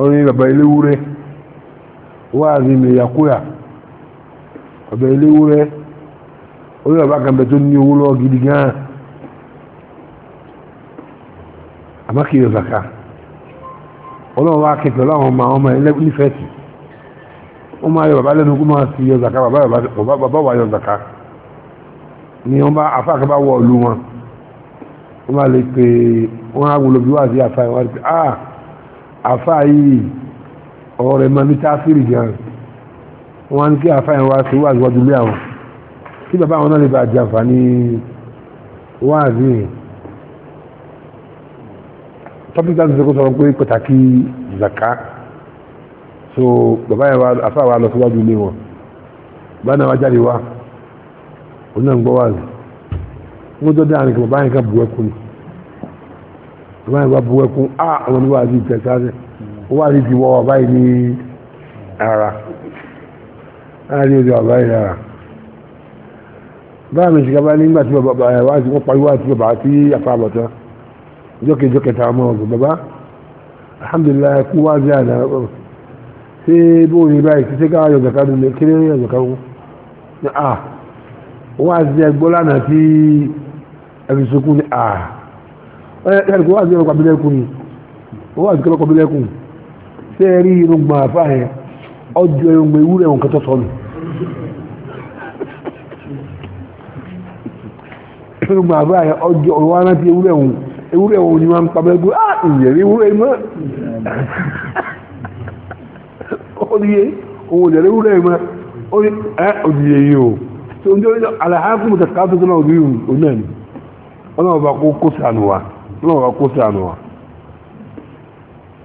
orí bàbá iléwúrẹ́ wáàzí mèyàkúyà bàbá iléwúrẹ́ orí bàbá kan bẹ tó ní owó lọ gidi gan-an àmọ́ kìí ọ̀sàkà ọlọ́run wá kẹfẹ́ láwọn ọmọ àwọn ọmọ ẹlẹ́gbẹ́ nífẹ̀ẹ́ sí wọ́n máa yọ bàbá lẹ́nu kó máa fi yọ zaka bàbá wà yọ zaka ni wọ́n bá afáàkẹ́ bá wọ ọ̀lú wọn wọ́n máa lè pe wọ́n á wúlò bí wà sí afáà wọ́n á pe ah afáà yìí ọ̀rọ̀ rẹ̀ máa ní táfírì gan wọ́n á ní kí afáà yẹn wá sí wà síwájú lé àwọn kí bàbá àwọn náà lè bá jàǹfà ní wáàzí yìí topic láti sọ́kọ́ sọ́rọ̀ pé pàtàkì zaka so bàbá yẹn wa afá wa lọ síwájú ilé wọn bá náà wá jáde wá òun náà ń gbọ́ wọ́n jọ dáhùn kí bàbá yẹn kan bu ẹkún ni bàbá yẹn wá bu ẹkún á àwọn oníwà àti ìtẹ̀ sáré wọ́n wá rí ti wọ́ bàbá yìí ní ara á rí ojú bàbá yìí ara báyìí mi ṣe ká bá nígbà tí bàbá yẹn wọ́n pariwo àti bàbá tí afá àbọ̀tán jókè jókè tá a mọ ọgbọ bàbá alhamdulilayi kú wá sí àná ṣé bó ní báyìí ṣe ká yọ zaka dùn ní kí ní yọ zaka wọn ní à wá sí ẹgbọ́ lánàá tí ẹbí sunkún ní à ẹni kó wá sí ọlọ́pàá bílẹ̀kùn ni ó wá sí ọlọ́pàá bílẹ̀kùn ṣé ẹ rí irun gbọ̀n àfa yẹn ọjọ́ irun ewúrẹ́ òun kẹtọ́ sọnù irun gbọ̀n àfa yẹn ọjọ́ òun wá ewúrẹ́ wo ni wọ́n ń pamọ́ ẹgbẹ́ ah ìyẹ̀rí ewúrẹ́ mọ́ oníye òun ìyẹ̀rí ewúrẹ́ mọ́ oní ẹ òdìyẹ yìí o tó ń jẹ́ alahakum tàkàtà tó náà òbí òun náà ni ọlọ́run bá kó kó sànù wa ọlọ́run bá kó sànù wa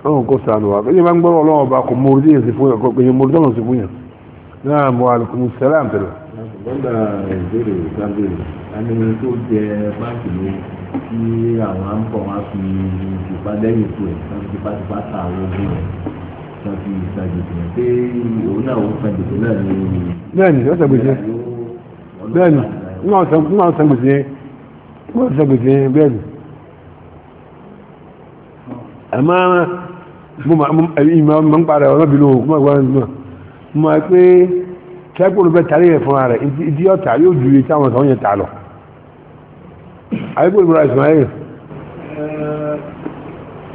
ọlọ́run kó sànù wa ẹni bá ń gbọ́rọ̀ ọlọ́run bá kò mórí díẹ̀ sí fún yàn kò pé yẹn mórí tọ́nà sí fún yàn náà mọ́ alùpùpù sẹ́lá àǹtẹ̀lẹ̀. lọ́gbà ìbéèrè sábẹ́ ẹni tó jẹ báńkì tí àwọn àǹkọ̀ wọn fi ìfipá lẹ́yìn tó ẹ̀ wọ́n fi tipátipá ta àwọn ogun rẹ̀ wọ́n fi ìsàgbèsè rẹ̀ pé òun náà ó san gbèsè náà ní. bẹ́ẹ̀ni ó san gbèsè bẹ́ẹ̀ni náà san gbèsè náà san gbèsè bẹ́ẹ̀ni. àmọ́ ìmọ̀ mọ̀ ń parẹ́ ọ̀rọ̀ bínú òkú mọ̀ gbọ́n mọ̀ pé kẹ́kọ̀ọ́ ló fẹ́ tarí ẹ̀ fún rẹ̀ ìdí ọ̀tá yóò ju iye táwọn sọ̀rọ̀ yẹn ta lọ àyíkò ìmúra Ismail.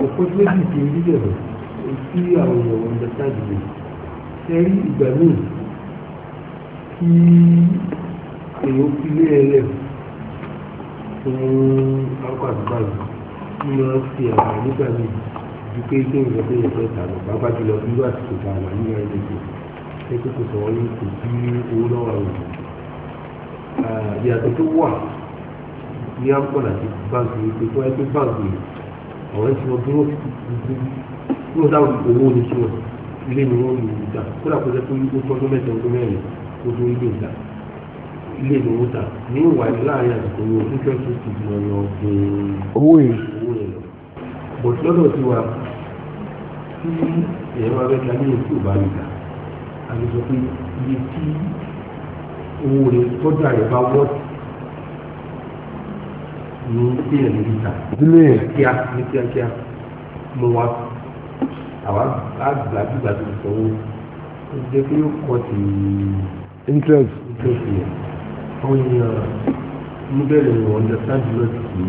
ọ̀pọ̀ tí méjì ti ń dídẹ̀ lọ sí àwọn ọ̀rọ̀ ọ̀dọ̀tàjì rẹ̀ ṣẹ́rí ìgbà míì kí èèyàn fi lé ẹlẹ́ fún àwọn àdúgbò rẹ̀ kí wọ́n fi àwọn nígbà míì ju pé kí nǹkan tó yẹ fẹ́ tà bàbá jùlọ bí wàá ti kò tà ní ẹ̀rọ ìdíje ṣé kókò sọ̀rọ̀ yìí kò sí owó lọ́wọ́ àwọn ìyàtọ̀ tó wà ní amkọ́lá ti báńkì yìí pé tó wáyé pé báńkì yìí àwọn tí wọ́n dúró tí wọ́n dáhùn owó ní tí wọ́n ilé ni wọ́n lù ú ta kódà kó jẹ́ pé ó tọ́jú mẹ́ta ọdún mẹ́rin ó tó ilé ìta ilé ni wọ́n ta ní ìwà láàrin àsìkò owó tó fẹ́ tó ti lọ yọ owó yẹn lọ. bọ̀dé lọ́dọ̀ tí wa tí ẹ̀rọ abẹ́ta ní èsì ò bá rí ta a lè sọ pé iye tí owó rẹ̀ tọ́jà rẹ̀ bá wọ́ọ̀tì ní téèyàn lè ríta ìdílé kíá ní kíákíá mo wá àwa àgbàdúgbà tó sanwó ó jẹ́ pé yóò kọ́ ti interest interest yẹn àwọn èèyàn níbẹ̀rẹ̀ wọn understand lọ́sì kì í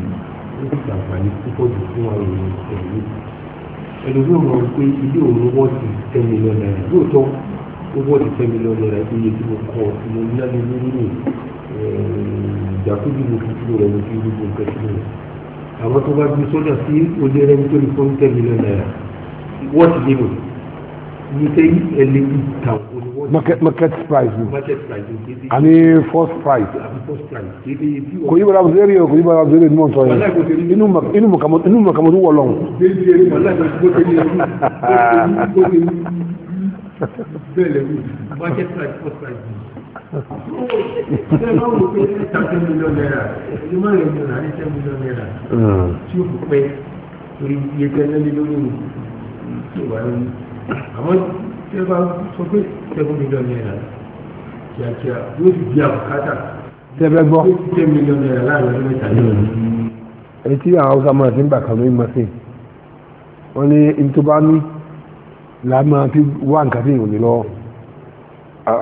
ó sì gbàgbàní púpọ̀ jù fún àwọn èèyàn ẹ̀mí ẹlòmí ò mọ̀ pé ilé òun wọ́n ti ten million naira lóòótọ́ ó wọ́n ti ten million naira iye tí mo kọ́ mo ná ní lórí mi ìjà tó dìbò fífú rẹ̀ ní fífú gbogbo nǹkan sí rẹ̀ àwọn tó bá gbé sójà sí ojú ẹrẹ́ nítorí fún ten million naira what level ní sẹ́yìn ẹlẹ́yìn tàwọn oníwọ́n. market price ni market price ni kéde. first price. àbí first price kéde. kò yí bọ̀dá àbùsọ̀ èrè kò yí bọ̀dá àbùsọ̀ èrè ni wọ́n sọ yẹn inú mọ̀kàmọ́tò wọ̀ lọ́hùn bẹ́ẹ̀lẹ̀ wù budget price first price bi ṣé máa wò pé thirty million naira ẹni máa yẹn nira ní ten million naira hmm. tí o kò pẹ́ torí iye tẹ lẹ́lẹ́ lórí mi tí o wà lórí àmọ́ ṣé bá sọ pé seven million naira kíákíá yóò fi di àbùkátà tẹ́fẹ́ gbọ́ ten million naira láàrin ọdún mẹ́ta yẹn. Hmm. etí àwọn la máa fi wá nǹkan tí ìròyìn lọ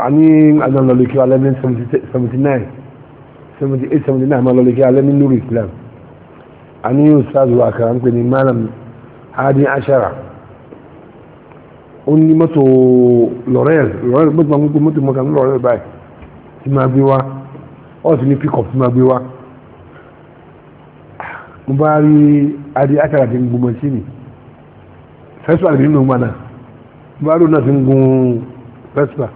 a ní alọ́lọ́lẹ́kí alẹ́ ní 79 78 79 máa lọ́lẹ́kí alẹ́ ní lórí islam a ní ustazu àkàrà ń pè ní malam hadi ashara ó ní mọ́tò lorel lorel mọ́tò máa ń gbé mọ́tò mọ́kà ní lorel báyìí tí máa gbé wá ó sì ní pickup tí máa gbé wá mo bá rí hadi ashara tí ń gbọmọ sí ni fẹ́sọ̀ àgbẹ̀ nínú mọ́ náà baro na sun gun vespa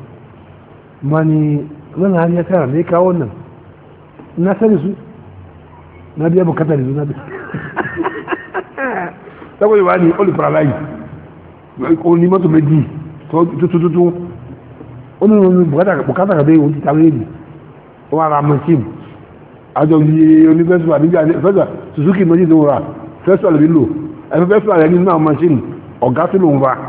mani nan har ya kara ne kawo nan na sani su na biya bukata da su na biya saboda ba ni olifara layi o ni mọ́tò méjì tututu ó ní omi bukata kàdé òun ti o èdè ó wà ra machine àjọ yìí oní vespa níbi àjẹsọ́jà Suzuki méjì tó wà vespa lè lò ẹ̀fẹ́ vespa rẹ̀ nínú àwọn machine ọ̀gá tó lòun fa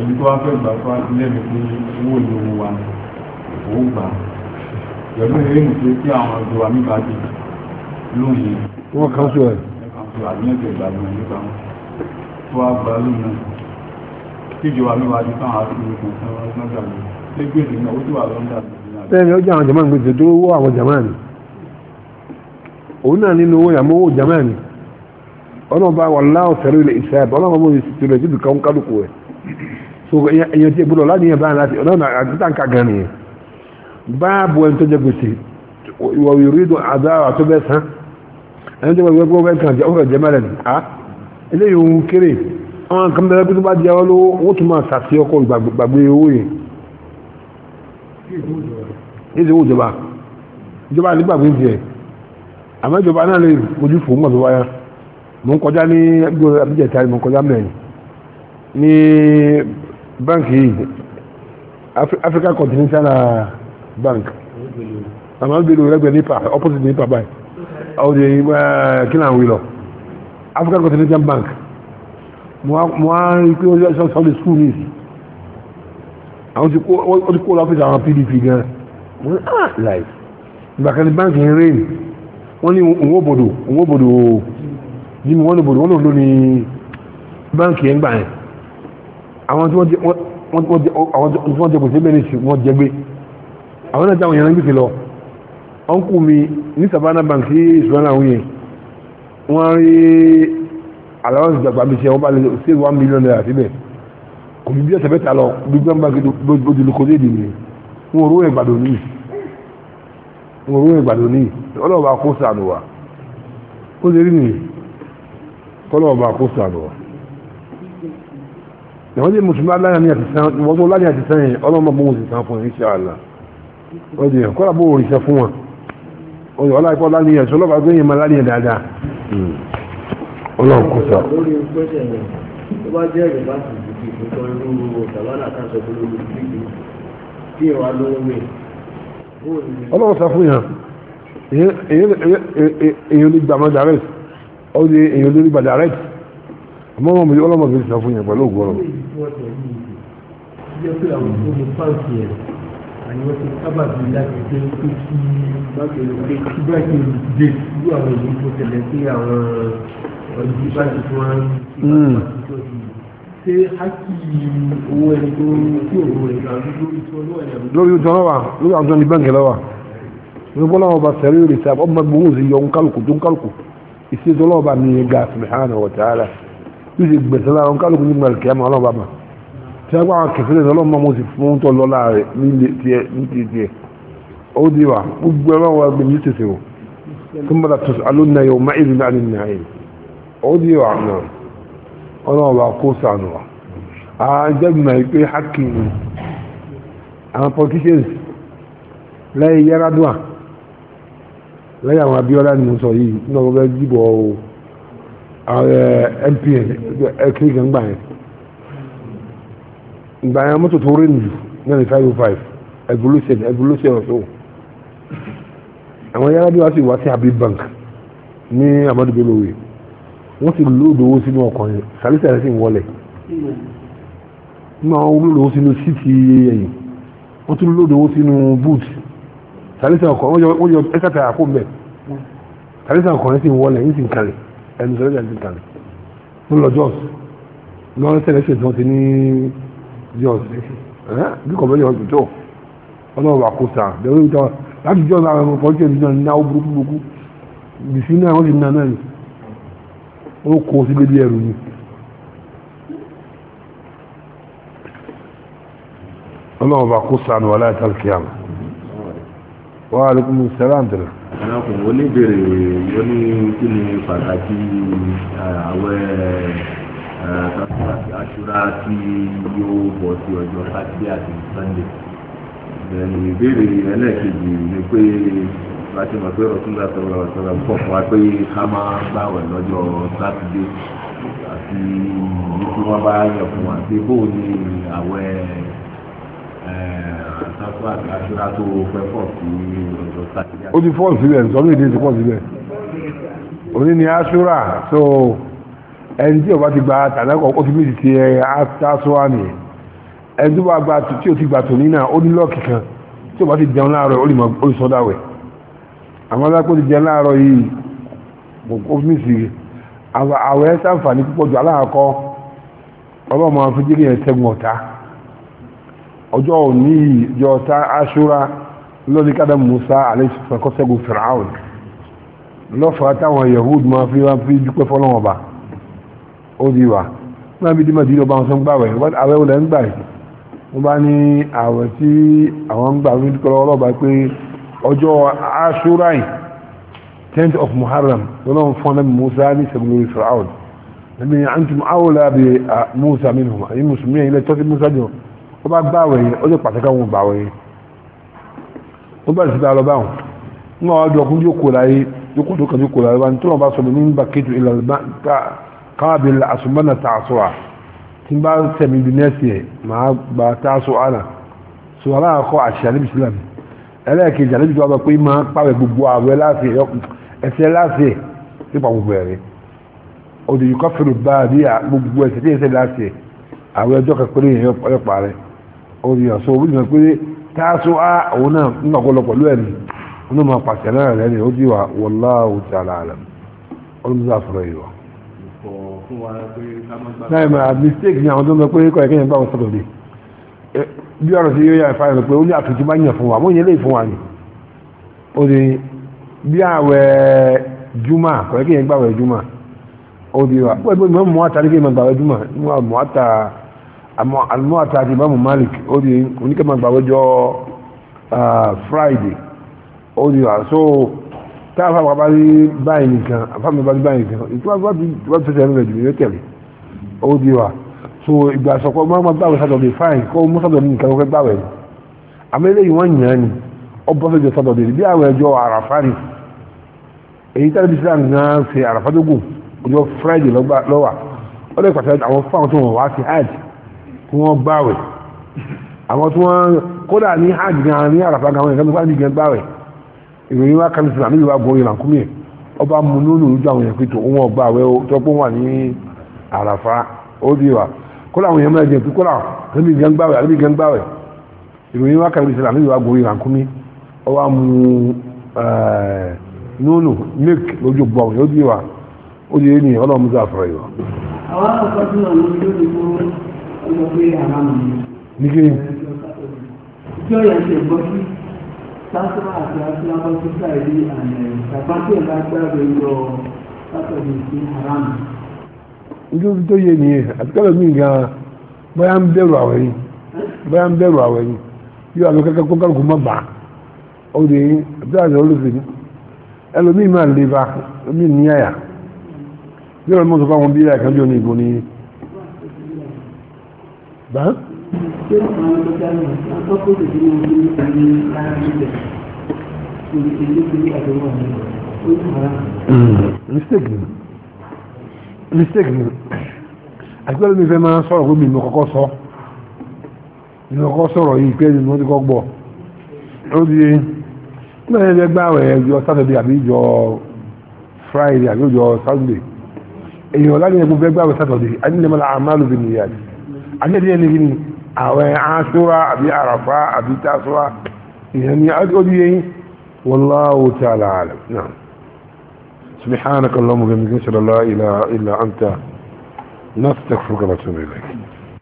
ẹni tó wá fẹ́ gbà tó wá sí owó ìlú wa owó gbà pẹ̀lú eré pé kí àwọn ọjọ́ wa nípa ti lóyìn wọ́n kan sọ ẹ̀ àdínẹ́tẹ̀ ìgbàlùmọ̀ nípa wọn tó wá gbà lónà kíjọba òun náà nínú owó ìyàmó owó jàmáà ni wà láwọ̀ sẹ́rù ilẹ̀ ìṣẹ́ àbọ̀ ọlọ́ba bó ti tẹ̀lé síbi kan kálukú ẹ̀ so èyàn tí gbọ́dọ̀ láti yẹn báyìí láti ọ̀nà àtúntàǹkà gan nìyẹn báàbù ẹni tó jẹ gbèsè ìwọ̀ ìrídò àdáwà tó bẹ́ sán ẹni tó gbẹgbẹ́ gbọ́ kàn jẹ́ ọ̀fẹ́ jẹ́mẹ́rẹ̀ ní a eléyìí ohun kéré àwọn nǹkan bẹ́ẹ̀ pé tó bá jẹ́ ọlọ́wọ́ ó tún máa sàṣì ọkọ̀ ìgbàgbé owó yẹn ní Bank yìí Africa Continental Bank àmọ́ ń bèèrè rẹ́gbẹ̀ẹ́ nípa opposite nípa báyìí ọdún yìí kí náà wí lọ Africa Continental Bank mo á rí pé ó yẹ sọ́ọ́lì school ní ìsìn àwọn ti kó lọ́fíìsì àwọn pdp gan wọ́n á láì ìgbàkan ní ah, bank ń rain. wọ́n ní òun òbòdò òun òbòdò jimmy wọ́n ní òbòdò wọ́n lòun ló ní báńkì ẹ̀ ń gbà yẹn àwọn tí wọ́n jẹ kò sí mẹ́rin sí wọ́n jẹ gbé àwọn náà jáwọn yẹn gbèsè lọ ọ́nkù mi ní Savannah Bank sí ìṣúná àwọn yẹn wọ́n rí allowance ìjàpá mi ṣe wọ́n bá lè ṣe one million naira síbẹ̀ kò ní bí ọ̀sẹ̀ mẹ́ta lọ gbígbá bá ojúlùkọ́ léde ni wọ́n rú ìgbàdo ní wọ́n rú ìgbàdo ní ọlọ́ọ̀bà kó sànù wa ó lè rí nìyí kọ́lọ́ọ̀bà kó sànù wa ìwọ́n lè mùsùlùmí aláìní àti sàn ìwọ́n tó láyé àti sàn yìí ọlọ́mọ bó ti sàn fún ẹ̀ ṣe àlà ó di ẹ̀kọ́ làbó òrìṣẹ́ fún wọn ó di ọlá ìkọ́ láyé ẹ̀ṣọ́ lọ́ba gbé yẹn máa láyé dáadáa ọlọ́run kò sọ. lórí pẹ́sẹ̀ yẹn tó bá jẹ́ ìrìnbá sì ti fi gbàmọ́ direct àmọ́ wọn yọ ọlọ́mọ bíi sàfún yẹn pẹ̀lú ògbọ́rọ̀. Hmm. lórí ìtọ́ lọ́wà lórí àwọn ìtọ́ni bẹ́ǹkì lọ́wà lórí ọlọ́wọ́ bá sẹ́rí rìsáàbù ọmọ gbogbo òsì yọ ń kálukú tó ń kálukú ìṣèjọ́ lọ́wọ́ bá mi yẹ gáà subhanahu wa ta'ala yóò ṣe gbẹ̀sẹ̀ lára wọn kálukú ní gbàlùkì àmọ́ ọlọ́run bàbá tí wọ́n gbà wọn kẹfìlẹ̀ ní ọlọ́run mọ́mọ́ sì fún tọ́ lọ́la rẹ̀ ní ti tiẹ̀ ó di wa gbogbo ẹ̀rọ wa gbẹ̀mí tètè o tó ń bá tó alónà yóò má ìrìn náà nínú ayé ó di wa náà ọlọ́run bá kó sànù wa a jẹ́ mi pé hákì àwọn politicians lẹ́yìn yáradùn à lẹ́yìn àwọn Abíọ́lá ni mo sọ yìí nígbà wọn bẹ o mpn ẹ̀kiri gan gbà yẹn gbà yẹn mọ́tò tó rìn jù náà ní five oh five evolution evolution ọ̀ṣọ́ àwọn yàrá bí wàá sì wá sí abbey bank ní amadu bello way wọ́n ti lóòdò owó sínú ọkọ̀ yẹn sàlísà rẹ̀ sì ń wọlé nínú àwọn olóòdò owó sínú síìtì ẹ̀yìn wọ́n tún lóòdò owó sínú boot sàlísà ọkọ̀ wọ́n yọ ẹ́sàtà àkóńbẹ̀ sàlísà ọkọ̀ yẹn sì ń wọlé yín sì ń kalẹ̀ ẹnu sọ̀rọ̀ ìjà ìjìká rẹ̀ ó lọ jọ́s lọ́rọ́ sẹ́lẹ̀ṣẹ̀ tí wọ́n ti ní jọ́s bí kò bẹ́ẹ̀ ọ̀tún tó ọlọ́run àkóso àbẹ̀wò ìjọ láti jọ́s àwọn ọmọ pọ́ńtì ìjọ náà burúkú burúkú bìsí náà wọ́n ti nà náà ni ó kó sí bébí ẹrù ni. ọlọ́run àkóso àná wà láì tàbí kíyàmù. wa alaikumus salam ẹranko oníbèrè ó ní kí ni pàtàkì àwẹ̀ àṣúra tí yóò bọ̀ sí ọjọ́ sátidé àti sunday ẹni ìbéèrè ẹlẹ́ẹ̀kejì ni pé láti mọ̀ pé ọ̀túnlá sọ̀rọ̀ sọ̀rọ̀ pọ̀ fún wa pé ká máa gbàwẹ̀ lọ́jọ́ sátidé àti ìlú tí wọ́n bá yàn fún wa pé bóun ni àwẹ̀ ó ti fọ́ọ̀lù síbẹ̀ ìsọ́lú èdè ti pọ̀ síbẹ̀ òní ni aṣúra so ẹni tí ó bá ti gba tàdákọ̀ ó ti méjì ti ẹ aṣọ́wà ní ẹni tó bá gba tí ó ti gbà tòní náà ó ní lọ́ọ̀kì kan tí ó bá ti jẹun láàárọ̀ ó lè mọ ó sọ dáwẹ̀ àwọn alákó ti jẹun láàárọ̀ yìí ó fi méjì àwẹ̀ sàǹfààní púpọ̀ jù aláàkọ́ ọlọ́mọ afẹ́jẹ́rì ẹ̀ tẹ́gun ọ̀tá ọjọ́ òní ìjọ ta aṣúra lórí kádà musa aléṣẹ́kọ́sẹ́gun fìràún lọ́fà táwọn yahud ma fi wá fi dúpẹ́ fọ́lọ́wọ́ba ó di wà náà bí dímọ̀ dídọ̀ bá wọn sọ ń gbàwẹ̀ àwẹ̀ olè ń gbà yìí wọ́n bá ní àwẹ̀ tí àwọn ń gbà fi dúpẹ́ lọ́wọ́ba pé ọjọ́ aṣúra yìí 10th of muharram lọ́wọ́n fún ọ̀nà musa ní sẹ́gun lórí fìràún ẹ̀mí àǹtùm áwòlá bí musa mìíràn ẹ̀yìn mùsùlùmí ẹ̀yìn lẹ́tọ́ sí musa jọ ó bá gbàwẹ̀ yẹn ó lè pàṣẹ káwọn gbàwẹ̀ yẹn ó bẹ̀rẹ̀ síta lọ báwọn níwọ̀n wá dùn ọkùnrin yóò kó láyé yókù tó kàn yókù láyé wá ní tó lọ́n bá sọ mi ní bá kéjù ìlànà káàbí àsùnmọ́nà tààsù à tí bá tẹ̀mí bí nẹ́ẹ̀sì ẹ̀ máa gba tààsù àná sọ aláàkọ́ àṣà níbi sílẹ̀ mi ẹlẹ́ẹ̀kejì àníbi tó wà pé máa pàwẹ̀ gbogbo àwẹ̀ láti ẹ̀ ẹ̀ àwẹ̀ ọjọ́ kẹpẹ́rẹ́ yẹn ọ̀pọ̀ orí àṣọ orí ìgbà pé táàṣọ á ah, òun náà nígbà kọlọ pẹ̀lú ẹ̀mí wọn náà máa pàṣẹ rẹ̀ ni ó ti wà ọlọ́mọdé yìí wà. mistake ni àwọn tó ń pé kọ́ ẹ̀kẹ́ yẹn bá wọn dé bí ọ̀rọ̀ sí yóò pé ó ní bá yàn fún wa wọ́n yẹn fún wa ni ó ní bí àwẹ̀ juma kọ́ ẹ̀kẹ́ yẹn gbàwẹ̀ juma ó wa àmọ́ àlùmọ́ àtàtì ìmáàmù Malik ó di oníkẹ́mọ̀ gbàwẹ́jọ́ Friday ó di so tá a fáwọn abáyé báyìí nìkan àfáàmì abáyé báyìí nìkan ìtura bá ti wá fẹsẹ̀ rẹ̀ jù ní tẹ̀lé ó di so ìgbà sọ̀kọ́ máa ma gbàwẹ̀ sátọ̀dẹ̀ fáìn kó mú sátọ̀dẹ̀ nìkan fẹ́ gbàwẹ̀ ni àmọ́ eléyìí wọ́n yàn ni ó bọ́ fẹ́jọ sátọ̀dẹ̀ bí àwọn ẹjọ́ àràfá ni èyí tẹ́lẹ̀ bí lè pàṣẹ sí kí wọ́n gbáwẹ̀ àwọn tí wọ́n kódà ní hajj gan ní àràfà gan wọn ìgbàmí fájì gan gbáwẹ̀ ìròyìn wá kan sílẹ̀ àmìlú wa gorí làǹkúmí ẹ̀ ọba mú lónìí ojú àwọn èèyàn pé tó wọn gbáwẹ̀ tó pọ́ wà ní àràfà ó di wa kódà àwọn èèyàn gbáwẹ̀ eh, milk lójú gbọ́ àwọn èèyàn ó di wa nìkiri. ìjọ yẹn ṣe gbọ́ sí sásúrà àti asúlábọ́ sí sáìdì àmì ìtàpátì ẹ̀ka gbàgbé yọ sátọ̀dì sí haram. nítorí tó yé nìyẹn àtikọ́lọ̀ mi gan-an bóyá ń bẹ̀rù àwẹ̀ yìí bóyá ń bẹ̀rù àwẹ̀ yìí yóò àlọ́ kẹ́kẹ́ kó kálukú má bà á ó lè bí àjọ olùsìn ẹlòmíì máa lè ba ẹlòmíì níyàyà bí ọ̀rọ̀ mọ́tò fáwọn bí ẹ̀ka jọ ní ìbò nìyẹn bá. Hmm. mistake ni mistake ni àgbẹ̀rẹ̀ mi fẹ́ máa sọ̀rọ̀ pé mi mo kọ́kọ́ sọ mi mo kọ́kọ́ sọ̀rọ̀ yìí pé mi mo ti kọ́ gbọ́ ó di nígbà yẹn gbá rẹ̀ jọ sátọ̀dẹ̀ àbí jọ friday àbí jọ sunday èèyàn láti yẹn gbogbo ẹgbẹ́ àwẹ̀ sátọ̀dẹ̀ anílẹ̀mọ́lá àmàlù bìnnìyàn àjẹ́dẹ́ ní gini àwọn aṣúra àbí àràfá àbí tásúra ìyẹn ni ọdí yẹn wallahu ta'ala alam náà subhanakallahumma wa bihamdika la ilaha illa anta nastaghfiruka wa natubu ilayk